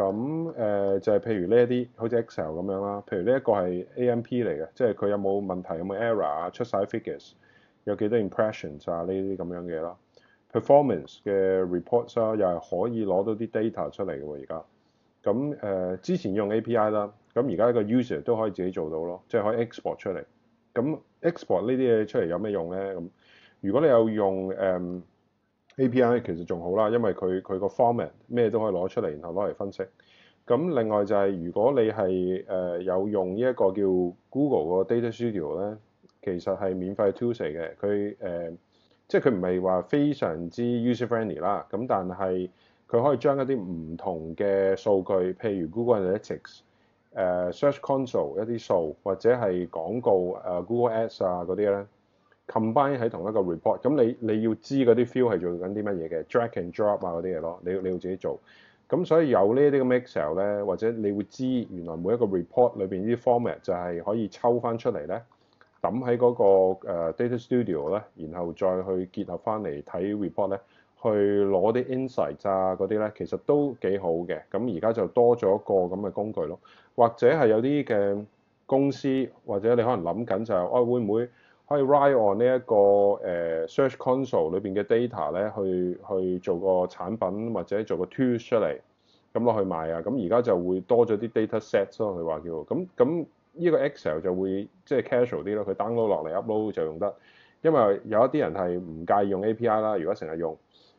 咁誒、呃、就係、是、譬如呢一啲好似 Excel 咁樣啦，譬如呢一個係 AMP 嚟嘅，即係佢有冇問題，有冇 error 啊，出晒 figures，有幾多 impressions 啊呢啲咁樣嘅嘢啦，performance 嘅 reports 啦，又係可以攞到啲 data 出嚟嘅喎，而家。咁誒、呃、之前用 API 啦，咁而家一個 user 都可以自己做到咯，即、就、係、是、可以 export 出嚟。咁 export 呢啲嘢出嚟有咩用咧？咁如果你有用誒？嗯 A P I 其實仲好啦，因為佢佢個 format 咩都可以攞出嚟，然後攞嚟分析。咁另外就係、是、如果你係誒、呃、有用呢一個叫 Google 個 data studio 咧，其實係免費 to use 嘅。佢誒、呃、即係佢唔係話非常之 user friendly 啦，咁但係佢可以將一啲唔同嘅數據，譬如 Google Analytics、呃、誒 Search Console 一啲數，或者係廣告誒、呃、Google Ads 啊嗰啲咧。combine 喺 in 同一個 report，咁你你要知嗰啲 field 係做緊啲乜嘢嘅 drag and drop 啊嗰啲嘢咯，你你要自己做。咁所以有呢啲咁嘅 Excel 咧，或者你會知原來每一個 report 裏邊啲 format 就係可以抽翻出嚟咧，揼喺嗰個誒 data studio 咧，然後再去結合翻嚟睇 report 咧，去攞啲 insight 啊嗰啲咧，其實都幾好嘅。咁而家就多咗一個咁嘅工具咯，或者係有啲嘅公司或者你可能諗緊就係哦會唔會？可以 ride on 呢一個誒 search console 裏邊嘅 data 咧，去去做個產品或者做個 tool 出嚟，咁落去賣啊！咁而家就會多咗啲 data set 咯，佢話叫咁咁呢個 excel 就會即係 casual 啲咯，佢 download 落嚟 upload 就用得，因為有一啲人係唔介意用 API 啦，如果成日用，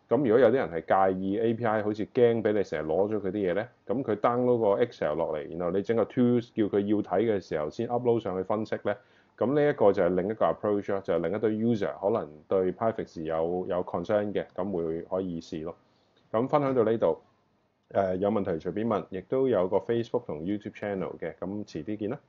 咁如果有啲人係介意 API，好似驚俾你成日攞咗佢啲嘢咧，咁佢 download 個 excel 落嚟，然後你整個 tool 叫佢要睇嘅時候先 upload 上去分析咧。咁呢一個就係另一個 approach 啦，就係另一堆 user 可能對 PyFex 有有 concern 嘅，咁會可以試咯。咁分享到呢度，誒、呃，有問題隨便問，亦都有個 Facebook 同 YouTube channel 嘅，咁遲啲見啦。